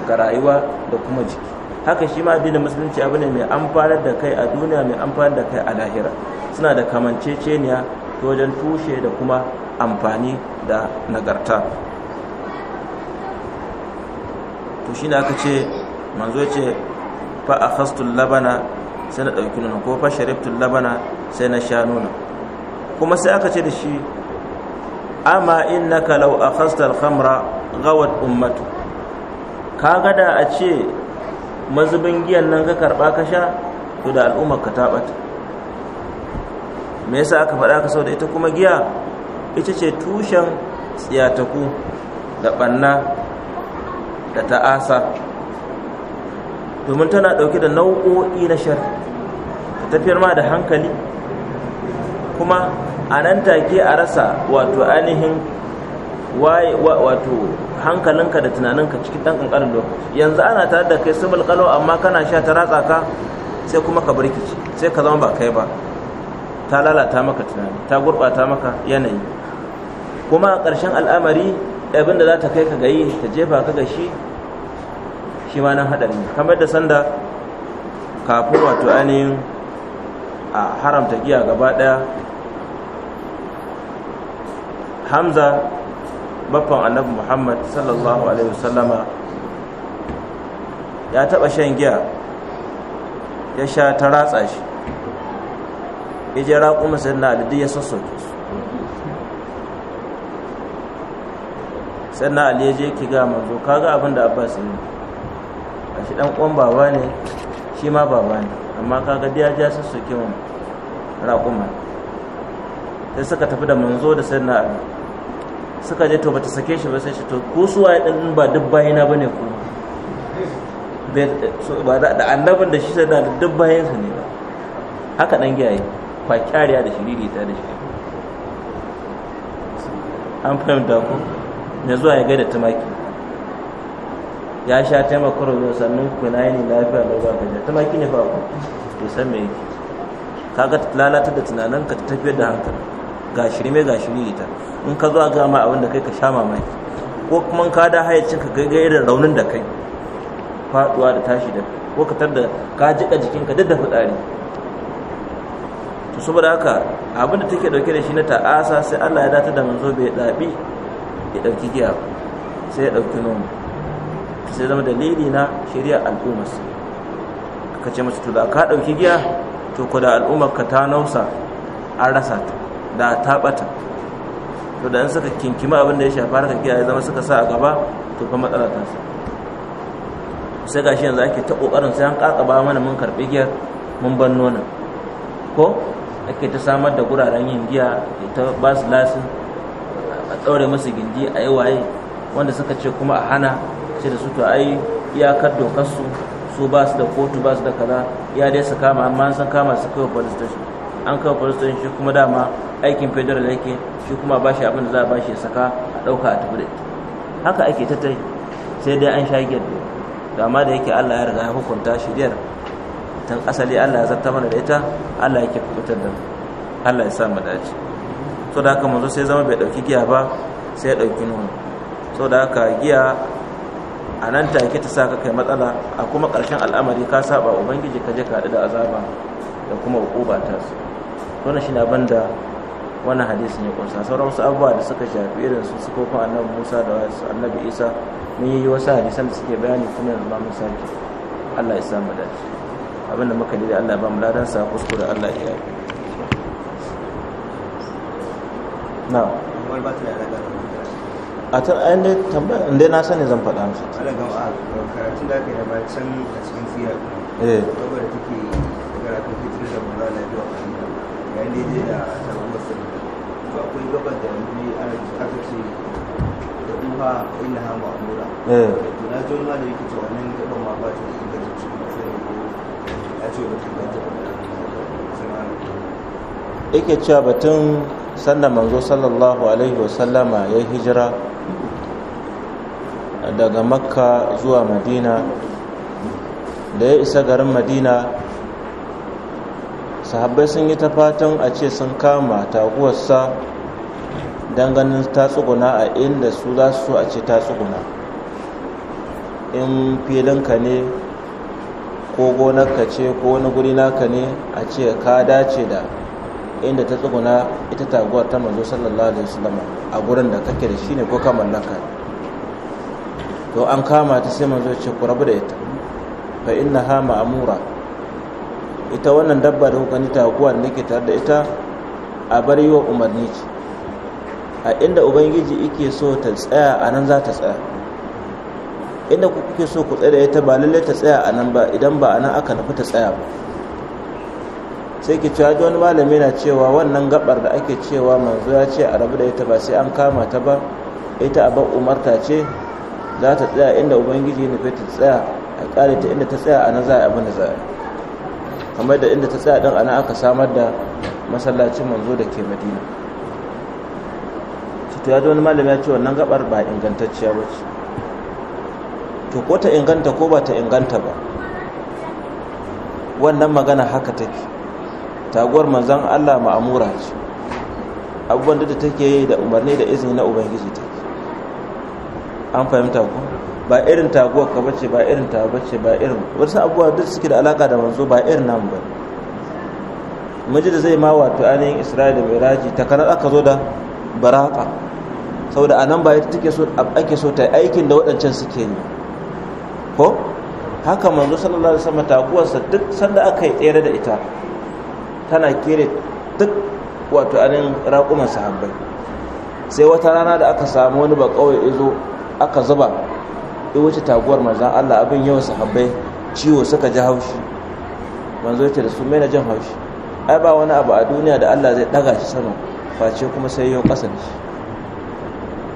ga rayuwa da kuma jiki haka shi ma addinin musulunci abu ne mai amfanar da kai a duniya mai amfanar da kai a lahira suna da kamanceceniya to wajen tushe da kuma amfani da nagarta to shi aka ce manzo ce fa a fastun labana sai na ɗauki nuna ko fa sharibtul labana sai na sha nuna kuma sai aka ce da shi amma kalau a fastar khamra gawar ummatu ka da a ce mazubin giyan nan ka karɓa ka sha to da al'ummar ka ta me yasa aka faɗa ka saboda ita kuma giya ita ce tushen tsiyataku da ɓanna da ta'asa domin tana ɗauke da nau'o'i na shar tafiyar ma da hankali kuma a nan take a rasa wato ainihin wato hankalinka da tunaninka cikin ɗan ƙanƙanin lokaci yanzu ana tare da kai sumul kalau amma kana sha ta ratsa ka sai kuma ka barkici sai ka zama ba kai ba ta lalata maka tunani ta gurɓata maka yanayi kuma a ƙarshen al'amari abin da za ta kai ka gayi ta jefa ka ga shi ma nan haɗari kamar da sanda kafin wato ainihin a haramta giya gaba ɗaya hamza baffan annabi muhammad sallallahu alaihi wasallama ya taɓa shan giya ya sha ta ratsa shi ya je raƙuma sai na ali ya sassoke su sannan ali ya je ki ga manzo kaga abin da abbas ne a shi dan uwan baba ne shi ma baba ne amma kaga da ya ja sassoke mu raƙuma sai suka tafi da manzo da sai na ali suka je to bata sake shi ba sai shi to ko suwa ya ɗin ba duk bayina ba ne kuma da annabin da shi sai da duk bayinsa ne ba haka ɗan giyaye kwakyariya da shiriri ta da shi an fahimta ku na zuwa ya gaida tumaki ya sha taimakon ruwa sannan ku na ne lafiya da ruwa gajiya tumaki ne fa ku to san me yake kaga lalata da tunanin ka tafiyar da hankali ga shirme ga shiriri ta in ka zo a gama abin da kai ka sha mamaki ko kuma ka da hayacin ka ga irin raunin da kai faduwa da tashi da ko ka tar da ka jika jikinka duk da fitsari to saboda haka abin da take dauke da shi na ta'asa sai Allah ya data da manzo bai dabi ya dauki giya sai ya dauki nomu sai zama dalili na shari'a al'ummar ka ce masu to ka dauki giya to ku da al'ummar ka ta nausa an rasa ta da ta bata to da in suka kinkima abin da ya shafa harkar giya ya zama suka sa a gaba to fa matsala ta sa sai gashi yanzu ake ta kokarin sai an ba mana mun karbi giyar mun ban nonon ko ake ta samar da guraren yin giya ta ba su lasin a ɗaure masu gindi a yi waye wanda suka ce kuma a hana ce da su to ai iyakar dokar su su ba su da kotu ba su da kaza ya dai su kama amma an san kama su kai police an kawo police shi kuma dama aikin federal yake shi kuma ba shi abin da za a ba shi saka a ɗauka a tafi haka ake ta sai dai an sha giyar da da yake Allah ya riga ya hukunta shiriyar tun asali Allah ya zarta mana da ita Allah yake kubutar da mu Allah ya sa mu dace to da haka manzo sai zama bai dauki giya ba sai ya dauki nono to da haka giya a nan take ta saka kai matsala a kuma ƙarshen al'amari ka saba ubangiji ka je ka da azaba da kuma hukuba ta su wannan shi na banda wannan hadisi ne kunsa sauran wasu abubuwa da suka shafi irin su sukofin annabi Musa da wasu annabi Isa mun yi wasu hadisan da suke bayani kuma yanzu ba mun sake Allah ya samu dace abinda muka da Allah ba mu ladan sa kuskure Allah ya yi na wai ba ta da a ta ayin da tambaya inda na sani zan faɗa musu ala ga karatun da aka yi ba can a cikin siya eh kabar da take karatun fitar da mura na biyu a yayin da je da tabuwar ba to yi gabar da yanzu aka ce da duha inna hama ma'amura mura eh. to na jin ma da yake cewa nan gaba ma ba yake cewa batun sannan manzo sallallahu alaihi wasallama ya hijira daga makka zuwa madina da ya isa garin madina sahabbai sun yi ta fatan a ce sun kama taguwarsa don ganin ta tsuguna a inda su za su a ce ta tsuguna in filinka ne ko gonarka ce ko wani guri naka ne a ce ka dace da inda ta tsuguna ita taguwar ta manzo sallallahu alaihi wasallam a gurin da kake da shi ne ko ka mallaka to an kama ta sai manzo ce ku rabu da ita fa ha ma'mura ita wannan dabba da kuka ni taguwa nake tare da ita a bar yi wa umarni ce a inda ubangiji yake so ta tsaya a nan za ta tsaya inda kuke so ku tsaya ita ba lallai ta tsaya a nan ba idan ba a nan aka nufi ta tsaya ba sai ki cewa wani malami na cewa wannan gabar da ake cewa manzo ya ce a rabu da ita ba sai an kama ta ba ita a umar umarta ce za ta tsaya inda ubangiji ya nufi ta tsaya a kare ta inda ta tsaya a nan za a abin da za a kamar da inda ta tsaya ɗin ana aka samar da masallacin manzo da ke madina to ya wani malami ya ce wannan gabar ba ingantacciya ba ce to ko ta inganta ko ba ta inganta ba wannan magana haka take taguwar manzan Allah ma'amura ce abubuwan da take yi da umarni da izini na ubangiji take an fahimta ku ba irin taguwar ka bace ba irin ta bace ba irin wasu abubuwa duk suke da alaka da manzo ba irin nan ba miji da zai ma wato ainihin isra'ila mai raji ta kanar aka zo da baraka saboda a nan ba ya take so ake so ta aikin da waɗancan suke yi ko haka manzo sallallahu alaihi wasallam taguwarsa duk sanda aka yi tsere da ita tana kere duk wato anin raƙuman sahabbai sai wata rana da aka samu wani ba kawai izo aka zuba ya wuce taguwar manzan Allah abin yawan sahabbai ciwo suka ji haushi manzo ya da su mai na jin haushi ai ba wani abu a duniya da Allah zai daga shi sama face kuma sai yau ƙasa da shi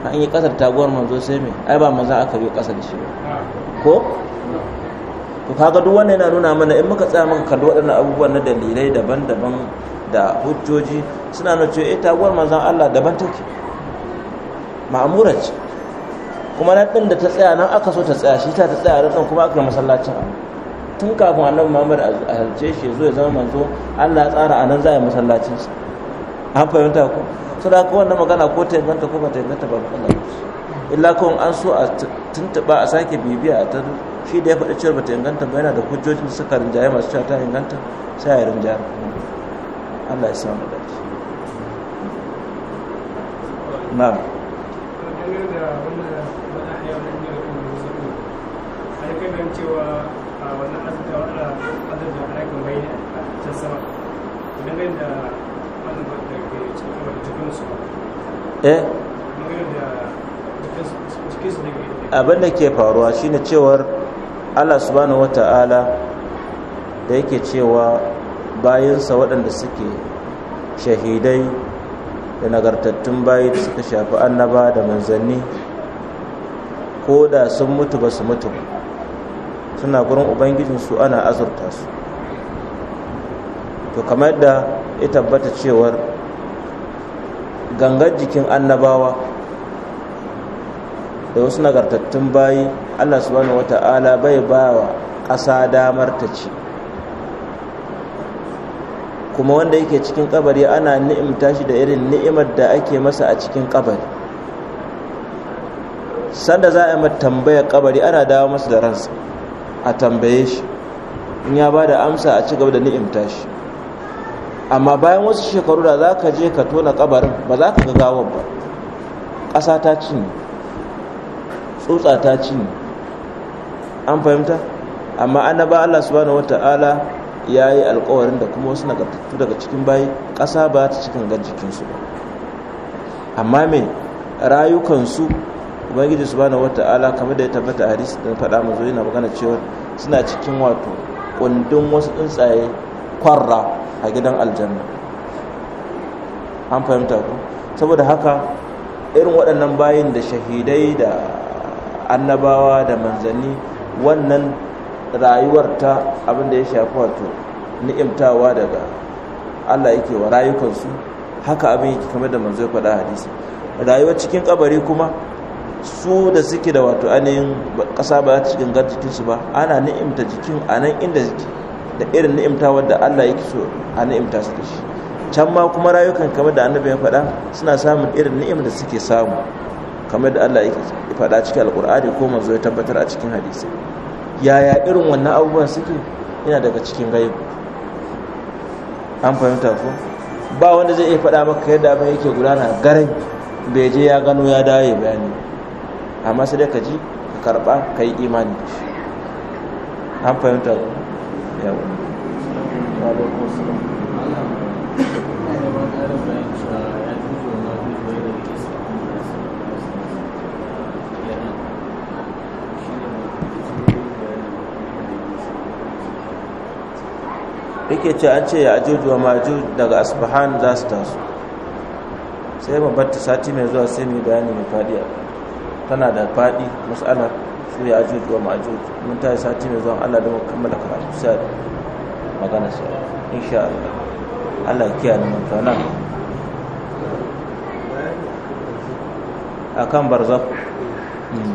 an yi ƙasar taguwar manzo sai mai ai ba manzan aka yi ƙasa da shi ba ko to kaga duk wannan yana nuna mana in muka tsaya muka kalli waɗannan abubuwan na dalilai daban-daban da hujjoji suna nuna cewa ita eh, taguwar manzon Allah daban take ma'amura ce kuma na ɗin da ta tsaya nan aka so ta tsaya shi ta ta tsaya nan kuma aka yi masallacin tun kafin annabi Muhammad a halce shi zo ya zama manzo Allah ya tsara a nan za a yi masallacin an fahimta ko saboda haka wannan magana ko ta inganta ko ba ta inganta ba matsala illa kawai an so a tuntuɓa a sake bibiya a tadu shi da ya faɗi cewar bata inganta ba yana da hujjojin da suka rinjaye masu cewa ta inganta sai ya rinjaye Allah ya samu dace na'am eh abin da ke faruwa shine cewar allah subhanahu wata'ala da yake cewa bayansa waɗanda suke shahidai da nagartattun bayi da suka shafi annaba da manzanni ko da sun mutu ba su mutu suna gurin ubangijinsu ana azurta su to kamar da ya tabbata cewar gangar jikin annabawa da wasu nagartattun bayi Allah subhanahu wata'ala bai ba wa ƙasa damar ta ci kuma wanda yake cikin kabari ana ni'imta shi da irin ni'imar da ake masa a cikin kabari sanda za a yi tambayar kabari ana dawo masa da ransa a tambaye shi in ya ba da amsa a ci gaba da ni'imta shi amma bayan wasu shekaru da za ka je ka tona kabarin ba za ka ga gawar ba ƙasa ta cinye tsotsa ta ne, an fahimta amma annaba Allah subhanahu wata'ala ya yi alkawarin da kuma wasu nagartattu daga cikin bayi ƙasa ba ta cikin gan jikinsu ba amma me rayukansu ubangiji subhanahu wata'ala kamar da ya tabbata a hadisi da faɗa mazo yana magana cewa suna cikin wato kundin wasu tsuntsaye kwarra a gidan aljanna an fahimta ku saboda haka irin waɗannan bayin da shahidai da annabawa da manzanni wannan rayuwar ta abinda ya shafi wato ni'imtawa daga Allah yake wa rayukansu haka abin yake kamar da manzo ya faɗa hadisi rayuwar cikin kabari kuma su da suke da wato ainihin ƙasa ba za cikin gar jikinsu ba ana ni'imta jikin a nan inda jiki da irin ni'imta da Allah yake so a ni'imta su da shi can ma kuma rayukan kamar da annabi ya faɗa suna samun irin ni'im da suke samu kamar da Allah yake so faɗa cikin Alƙur'ani ko manzo ya tabbatar a cikin hadisi yaya irin wannan abubuwan suke yana daga cikin gaibu an fahimta ko ba wanda zai iya faɗa maka yadda abin yake gudana garai bai je ya gano ya dawo ya bayani amma sai dai ka ji ka karɓa ka yi imani da an fahimta ko yake ce an ce ya ajuju wa maju daga asbahan za su taso sai mu batta sati mai zuwa sai mu bayani mai fadi tana da fadi mas'alar su ya ajuju wa maju mun ta sati mai zuwa Allah da mu kammala karatu sai magana sai insha Allah Allah ya kiyaye mu to nan akan barzakh hmm.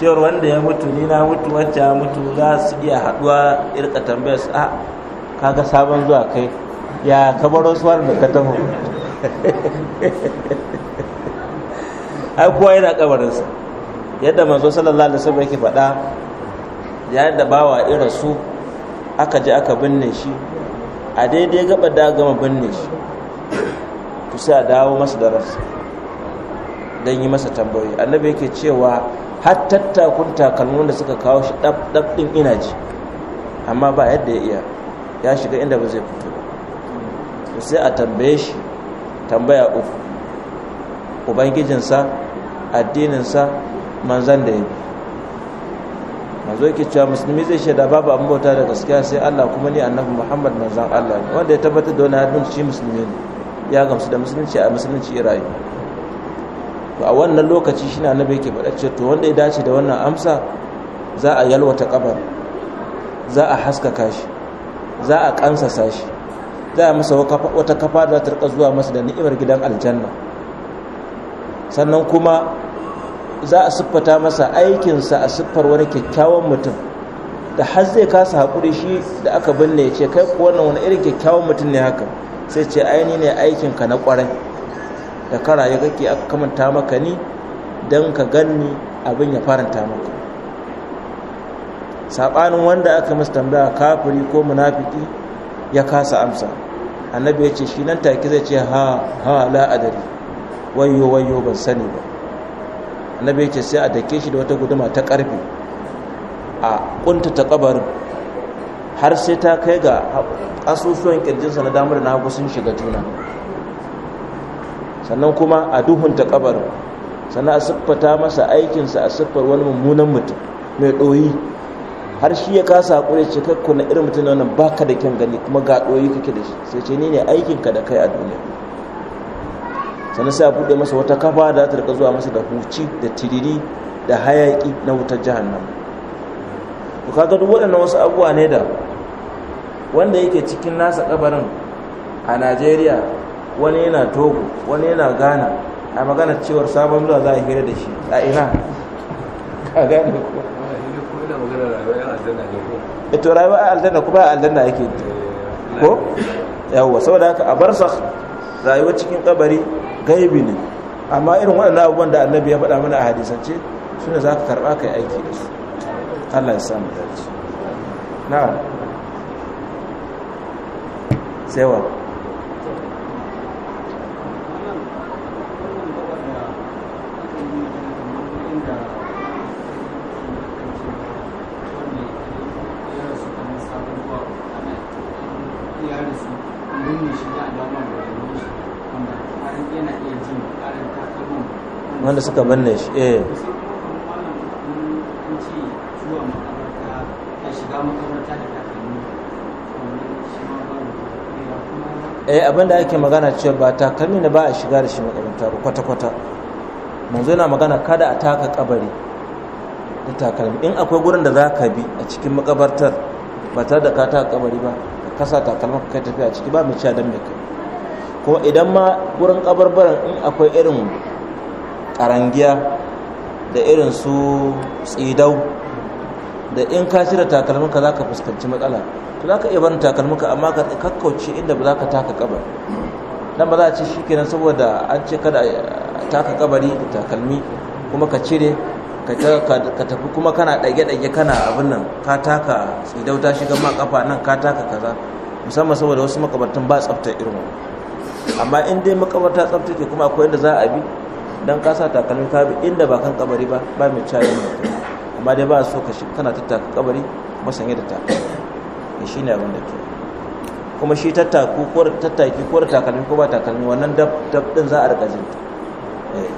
cewar wanda ya mutu ni na mutu wacce ya mutu za su iya haɗuwa irka tambayar su a ah, kaga sabon zuwa kai ya kabaro su wanda ka taho ai kowa yana kabarinsa yadda manzo sallallahu alaihi wasallam yake faɗa ya da bawa irin su aka ji aka binne shi a daidai gaba da gama binne shi to sai a dawo masa da rasa don yi masa tambayoyi annabi yake cewa har tattakun takalmin da suka kawo shi ɗaf ɗin ina ji amma ba yadda ya iya ya shiga inda ba zai fito sai a tambaye shi tambaya uku ubangijinsa addininsa manzan da ya bi manzo yake cewa musulmi zai shaida babu abin bauta da gaskiya sai Allah kuma ni annabi Muhammad manzan Allah ne wanda ya tabbatar da wani hadin shi musulmi ne ya gamsu da musulunci a musulunci irayi to a wannan lokaci shi na nabi yake faɗa to wanda ya dace da wannan amsa za a yalwata ƙabar za a haskaka shi za a kansasa shi za a masa wata kafa da ta zuwa masa da ni'imar gidan aljanna sannan kuma za a siffata masa aikinsa a siffar wani kyakkyawan mutum da har zai kasa haƙuri shi da aka binne ya ce kai ko wannan wani irin kyakkyawan mutum ne haka sai ce aini ne aikinka na ƙwarai da karaye kake aka kamanta maka ni don ka ganni abin ya faranta maka saɓanin wanda aka masu tambaya kafiri ko munafiki ya kasa amsa annabi ya ce shi nan take zai ce ha ha la adari wayo wayo ban sani ba annabi ya ce sai a dake shi da wata guduma ta karfe a kunta ta kabarin har sai ta kai ga asusuwan kirjinsa na damar na hagu sun shiga juna sannan kuma a duhunta kabarin sannan a siffata masa aikinsa a siffar wani mummunan mutum mai ɗoyi har shi ya kasa hakuri ce kakku na irin mutum wannan baka da kyan gani kuma ga ɗoyi kake da shi sai ce ni ne aikinka da kai a duniya sannan sai a buɗe masa wata kafa da ta rika zuwa masa da huci da tiriri da hayaƙi na wutar jahannam to kaga duk waɗannan wasu abubuwa ne da wanda yake cikin nasa kabarin a najeriya wani yana togo wani yana ghana a magana cewar sabon zuwa za a hira da shi a ina a gane ko ito eh, rayuwa a aljanna kuma a aljanna yake ko yawwa saboda haka a barsa rayuwa cikin kabari gaibi ne amma irin waɗannan abubuwan da annabi ya faɗa mana a hadisance su ne za ka karɓa ka yi aiki da su allah ya samu dace na'am sai wa wanda suka manne shi eh eh abinda ake magana cewa ba takalmi ne ba a shiga da shi makaranta ba kwata-kwata manzo yana magana kada a taka kabari da takalmi in akwai gurin da za ka bi a cikin makabartar ba tare da ka taka kabari ba ka kasa takalma ka kai tafiya ciki ba mai cewa don mai kai kuma idan ma gurin kabarbaran in akwai irin karangiya da irin su tsidau da in ka cire takalminka za ka fuskanci matsala to za ka iya barin takalminka amma ka kakkauce inda ba za ka taka kabar nan ba za a ce shi kenan saboda an ce kada taka kabari da takalmi kuma ka cire ka tafi kuma kana ɗage-ɗage kana abin nan ka taka tsidau ta shiga ma kafa nan ka taka kaza musamman saboda wasu makabartan ba tsafta irin amma in dai makabarta tsafta ke kuma akwai inda za a bi dan kasa takalmi ka bi inda ba kan kabari ba ba mai cari mutum amma dai ba so ka shi kana tattaka kabari kuma sanye da takalmi shi ne abin da ke kuma shi tattaku ko tattaki ko takalmi ko ba takalmi wannan dab dab din za a rika jin ta eh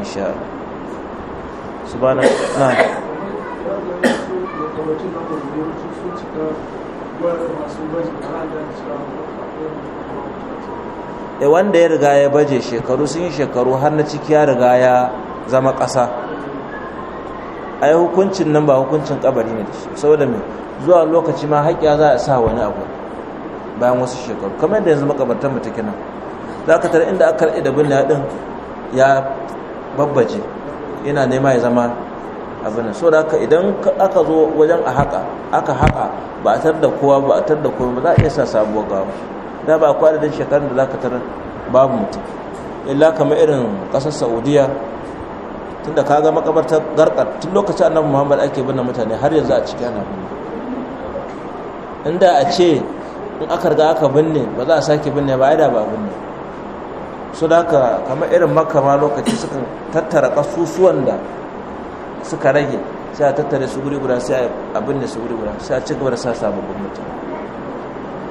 insha Allah subhana na masu e wanda ya riga ya baje shekaru sun yi shekaru har na ciki ya riga ya zama ƙasa A yi hukuncin nan ba hukuncin kabari ne da shi saboda mai zuwa lokaci ma haƙƙi za a sa wani abu bayan wasu shekaru kamar yadda yanzu makabartan mu take nan za ka tara inda aka karɓi da bin ɗin ya babbaje yana nema ya zama abin so da haka idan aka zo wajen a haƙa aka haƙa ba a tar da kowa ba a tar da kowa ba za a iya sa sabuwar gawa da ba kwa da shekarun da za ka tarar babu mutum illa kamar irin ƙasar saudiya tunda ka ga makabartar garkar tun lokacin annabi muhammad ake binne mutane har yanzu a ciki ana binne inda a ce in aka riga aka binne ba za a sake binne ba da ba binne su da ka kamar irin makama ma lokaci suka tattara kasusuwan da suka rage sai a tattare su guri guda sai a binne su guri guda sai a ci gaba da sa sababbin mutane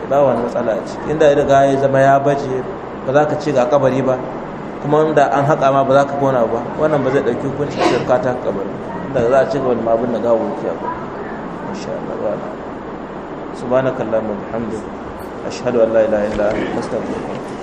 ba wani matsala a ciki inda ya riga ya zama ya baje ba za ka ci ga kabari ba kuma inda an haƙa ma ba za ka gona ba wannan ba zai ɗauki hukuncin ka ta kabari inda za a ci gaba da mabin da gawo yake ba insha